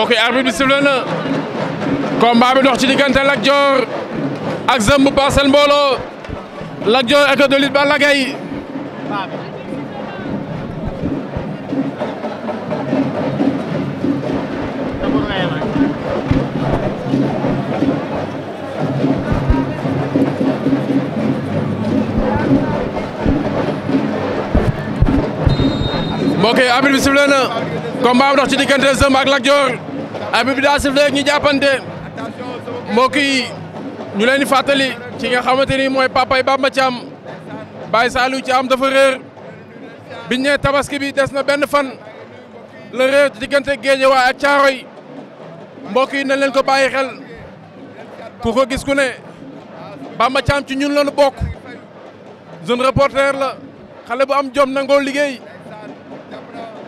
mbokk yi arbitre bi sifflé na combat bi dox ci diggante Lat Dior ak Zëmb Parcelles Mbooloo Lat Dior école de lutte Balla Gaye mbokk yi arbitre bi sifflé na combat bi dox ci diggante Zëmb ak Lat Dior abi bi daa sifle ñu jàppante mbokk yi ñu leen di fàttali ci nga xamante ni mooy papay Bamba Thiam Baye Saliou Thiam dafa réer biñ ne tabaski bi des na benn fan la réer diggante Guédiawaye ak Thiaroye mbokk yi nañ leen ko bàyyi xel ku ko gis ku ne Bamba Thiam ci ñun lañu bokk jeune reporter la xale bu am jom nangoo liggéey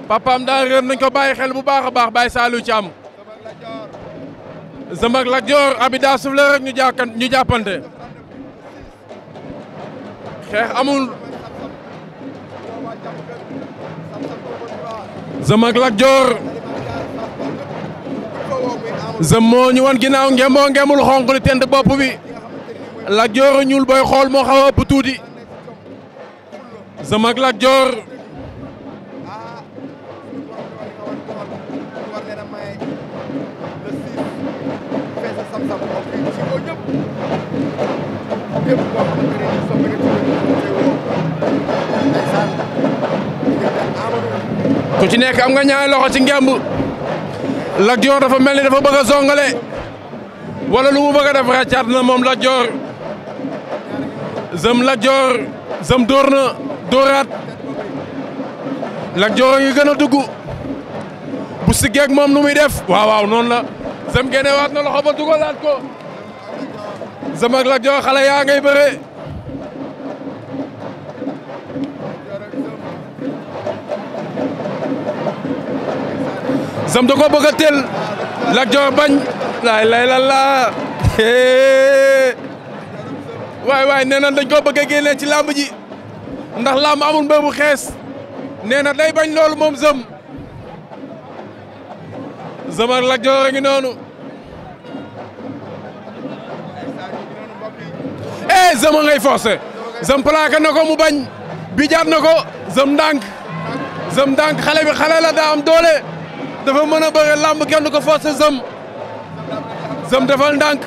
papaam daa réer nañ ko bàyyi xel bu baax a baax Baye Saliou Thiam Zambak Lat Dior abida sufle ñu jàkkan ñu jàppante xeex amul Zambak Lat Dior moo ñu wan ginnaaw ngemboo ngemul xonq li tent bopp bi Lat Dior ñuul booy xool moo xaw a ëpp tuuti Zambak képp ci ku ci nekk am nga ñaari loxo ci ngemb Lat Dior dafa mel ni dafa bëgg songale wala lu mu bëgg def ràccaat na moom Lat Dior zëm Lat Dior zëm dóor na dóoraat Lat a ngi gën a dugg bu siggeeg moom nu muy def waaw waaw noonu la zëm génnewaat na loxo ba dugalaat ko. Zeum ak Lat Dior xale yaa ngay bëre Zeum da ko bëgg a teel Lat Dior bañ laay lay la laa waay waay nee na dañ koo bëgg a ci làmb ji ndax làmb amul mbër xees nee na day bañ loolu moom Zeum Zeum ak Lat noonu eh zëm a ngay forcé zëm plaqué ko mu bañ bi jaar na ko zëm ndànk zëm ndànk xale bi xale la daa am doole dafa mën a bëre làmb kenn ko forcé zëm zëm defal ndànk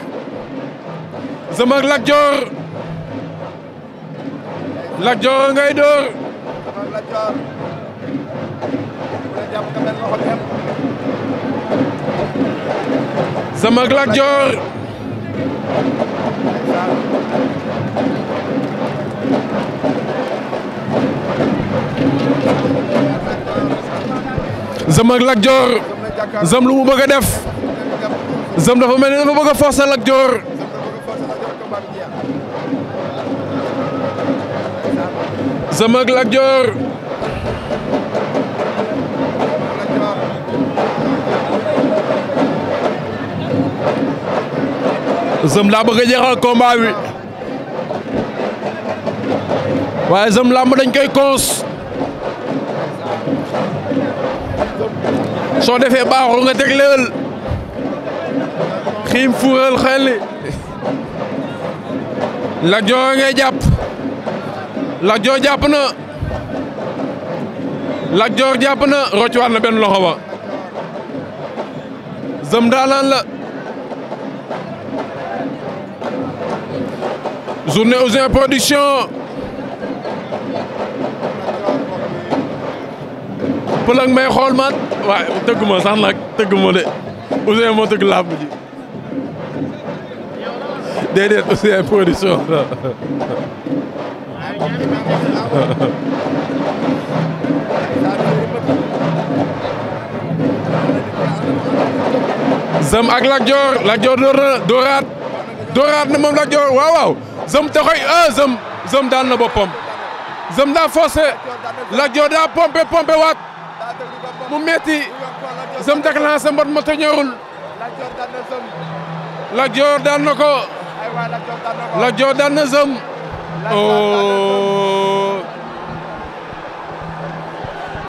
zëm ak Lat Dior Lat Dior ngay dóor zëm ak Lat Dior Zam ak Lat Dior lu mu bëgg a def Zam dafa mel ni dafa bëgg a forcer Lat Dior Zeum laa bëgg jeexa jeexal combat waaye Zeum làmb dañ koy cons soo defee baaxul nga teg lewel xiim fuural xelli Lat jàpp Lat Dior jàpp na Lat Dior jàpp na rocc waat na benn loxo ba Zeum daanaan la journée Ouzin Production pëlëng may xool man waaye tëgguma sax nag tëgguma de Ouzin moo tëgg làmb ji déedéet Ouzin Production Zam ak Lat Dior Lat Dior dóor moom Lat Dior Zëm taxoy ah euh, Zëm Zëm daan na boppam Zëm daa forcé Lat Dior daa pompé pompé waat mu metti Zëm dak lancé mbot ma toñorul Lat Dior daan na ko Lat Dior daan na Zëm oh